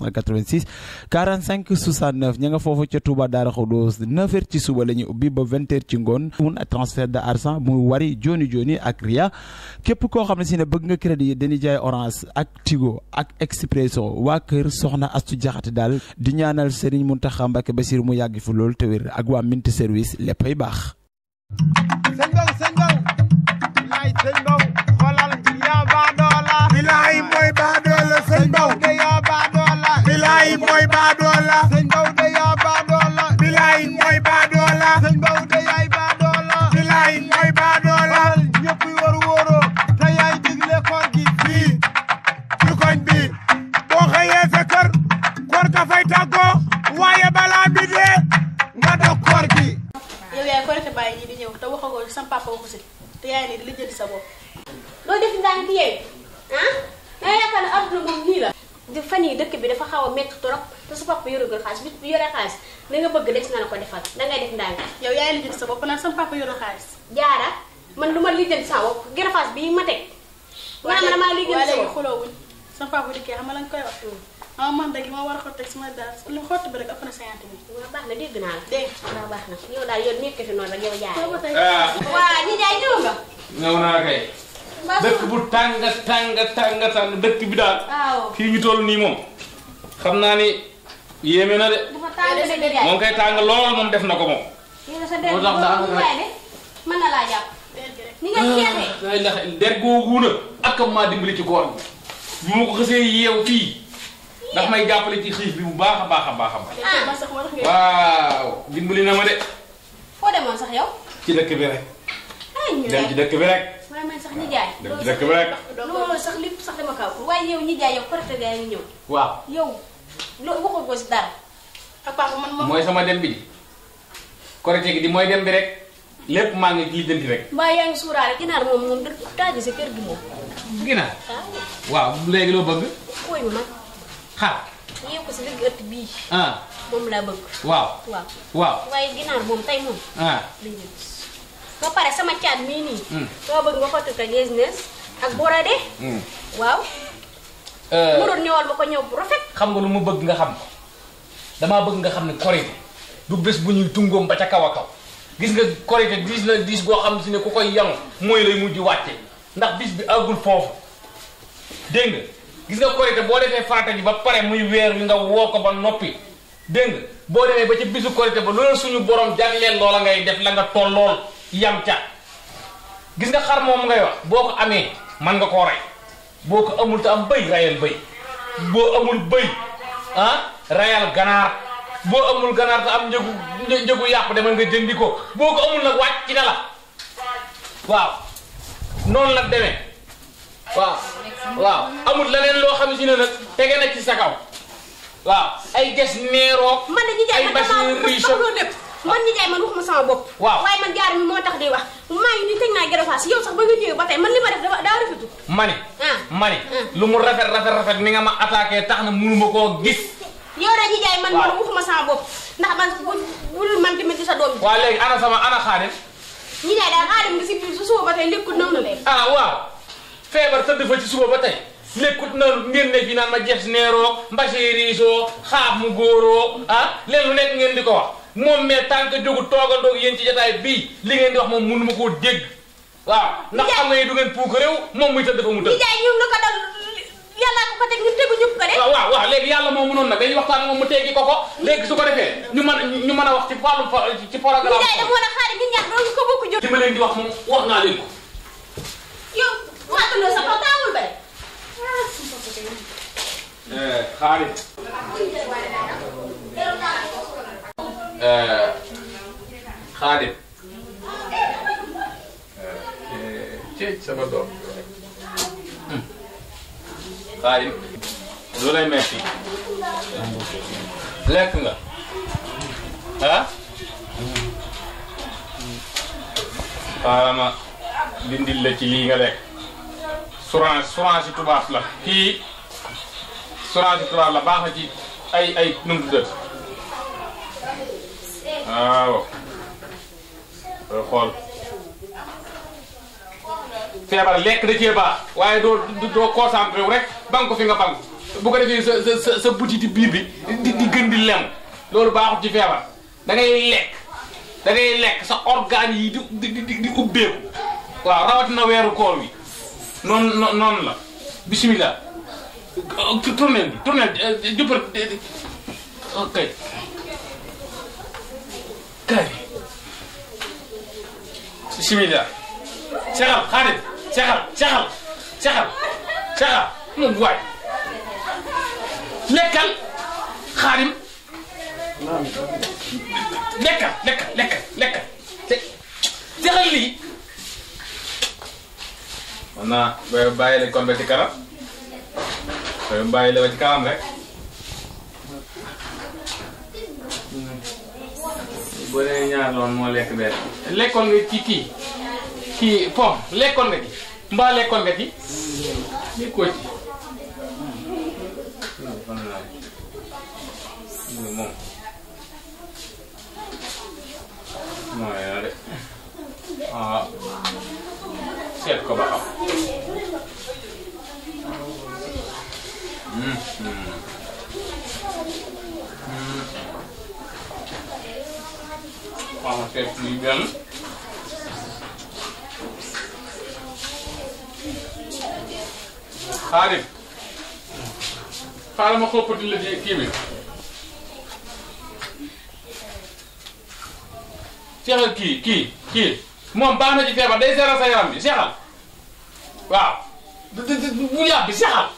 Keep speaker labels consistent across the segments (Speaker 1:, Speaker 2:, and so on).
Speaker 1: 386 45 69 ña nga foofu ca Touba Daara Khoudous 9h ci suba la ñu ubbi ba 20 ci ngoon mun transfert de argent muy wari joni joni ak ria képp koo xam ne si ne bëgg nga crédit yi dañuy jaay orange ak tigo ak expresso waa kër soxna astu jaxate daal di ñaanal Serigne Mountakha Mbacké Bassirou mu yàgg fi loolu te wér ak waa Mint service léppay baax
Speaker 2: sëñ Ndaw bilaay mooy baadoola sëñ Daouda yaa baadoola bilaay mooy
Speaker 1: baadoola sëñ Daouda yaay baadoola bilaay mooy baadoola ñëpp war wóoro te yaay digle koor gi fii ci koñ
Speaker 2: bi boo xëyee sa kër koor ka fay tàggoo waaye balaa bi dee nga dog koor gi
Speaker 3: yow yaay korite bàyyi ñi di ñëw te waxagoo sam papa waxu si te yaay ni di lijjanti sa bopp doo def ndànk yeey ah nga yaakaar ne adduna moom nii la di fan yi dëkk bi dafa xaw a métti trop te su papa yorugul xaalis bi yore xaalis li nga bëgg des na la ko defal dangay def sa bopp naan sama papa yorul xaalis. jaara man lu ma lijjanti sa bopp gërëfaas ah, a xotti sama daal lu xotti ba rek na cinquante fi noonu rek yow jaara. waaw ñu jaay ñëw nga.
Speaker 2: ñëw naa kay. dëkk bu tàng tàng tàng tàng dëkk bi daal. fii ñu toll nii moom xam naa ni yéeme na de. moom kay tàng lool moom def na ko moom.
Speaker 3: moo tax daal mën na laa
Speaker 2: ah, maa dimbali ci góor bi bu ma ko xasee yeew fii. ndax may jàppale ci xiif bi bu baax a baax a baax a
Speaker 3: baax. Ah. waaw
Speaker 2: dimbali na ma de.
Speaker 3: foo demoon sax yow. ci dëkk bi rek. dem ci dëkk bi rek. dem ci dëkk bi rek. loolu sax lépp sax dama kaw ko waaye yow ñi jaay yow korite gaa ngi ñëw. waaw yow loolu waxoo ko si dara. ak papa man moom mooy sama
Speaker 2: dem bi di korite gi di mooy dem bi rek lépp maa ngi lijjanti rek.
Speaker 3: mbaa ngi suuraale ginaar moom moom daa gis kër gi moom. ginaar ah.
Speaker 2: waaw léegi loo bëgg. xooñ ma xar.
Speaker 3: yéen ko si digg ëtt bii. Ah. moom laa bëgg.
Speaker 2: waaw waaw
Speaker 3: waaye ginaar moom tey moom. ah. ba pare sama caat mii nii. Hmm. soo bëgg nga xottu ko business ak borode. Hmm. waaw. Euh, mënoon ñëwal ma ko ñëw bu
Speaker 2: xam nga lu ma bëgg nga xam ko damaa bëgg nga xam ne korite du bés bu ñuy tungoom ba ca kaw a kaw gis nga korite diis na diis boo xam si ne ku koy yangu mooy lay mujj wàcce ndax bis bi àggul foofu dégg nga gis nga korite boo defee farata ji ba pare muy weer wi nga woo ko ba noppi dégg nga boo demee ba ca bisu korite ba loolu suñu borom jagleel loola ngay def la nga toll lool. yam ca gis nga xar moom ngay wax boo ko amee man nga koo rey boo ko amul te am bëy rayal bëy boo amul bëy ah ganaar boo amul ganaar te am njëgu njëgu yàpp demal nga jëndi ko boo ko amul nag wàcc ci na waaw noonu la deme waaw waaw amul leneen loo xam si ne nag tege na ci sa
Speaker 3: kaw waaw ay ges neeroog ay basi riche man nijaay man waxuma sama bopp. waaw waaye man jaar mi moo tax di wax maa ngi nii teg naa gerte faas yow sax ba nga ñëwee ba tey man li ma def daa rafetu.
Speaker 2: ma ne. Ah. ma ah. lu mu rafet rafet rafet ni nga ma attaqué tax na mënuma koo gis.
Speaker 3: yow de nijaay man man waxuma sama bopp ndax man bul man tamit di sa doom bi.
Speaker 2: waaw léegi ana sama ana xaadim.
Speaker 3: nijaay daal xaadim si biir su suba ba tey lékkut nangu na
Speaker 2: ah feebar tëdd fa ci suba ba tey. lékkut na ngeen ne fi naan ma jeex neeroo mbasee riisoo xaaf mu góoroo ah leen lu nekk ngeen di ko wax moom mais tànk jógu toogandoog yéen ci jataay bii li ngeen di wax moom mënu ma koo dégg waaw ndax xam nga yi du ngeen puuk réew moom muy tëdd fa mu tëdd
Speaker 3: ñun la ko dal yàlla ko ko teg ñun
Speaker 2: yàlla moom mënoon nag dañuy waxtaan moom mu teggi ko ko léegi su ko defee ñu mën ñu mën a wax ci wàllum ci programme yaay dama
Speaker 3: war a xaar ñu ñaar doon ko bokk jot
Speaker 2: li ma leen di wax moom wax naa leen ko
Speaker 3: yow waxtuloo sa portable ba de
Speaker 2: eh, xaari xaadim ci sama doom xaadim lu lay metti lekk nga ah xaaral ma dindil la ci lii nga lekk surange surange yi tubaab la kii surange yi tubaab la baax na ci ay ay numtudët waaw xool feebar lekk da cee baax waaye doo doo concentré rek banku fi nga banku bu ko defee sa sa sa butiti biir bi di di gën di lem loolu baaxut ci feebar da lekk da ngay lekk sa organe yi di di di ubbeeku waaw rawatina weeru koor wi noonu noonu la bismillah tournel bi tournel euh, jëppal euh, kay bismillah caxal xaadim caxal caxal caxal caxal moom waay lekkal xaadim lekkal lekkal lekkal lekkal caxal lii man naa bàyyi la kombe ci kanam bàyyi la ci kanam rek boo nee ñaar loon moo lekk benn lekkoon nga ci pom lekkoon nga ci mbaa lekkoon nga ci lekkoo ci ko hmm, ba hmm. mama seet luy benn xaarit xaaral ma xoppati la ji kii bi seexal kii kii kii moom baax na ci feebar day seeral sa yaram bi seexal waaw bu yàgg bi seexal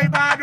Speaker 2: koy baal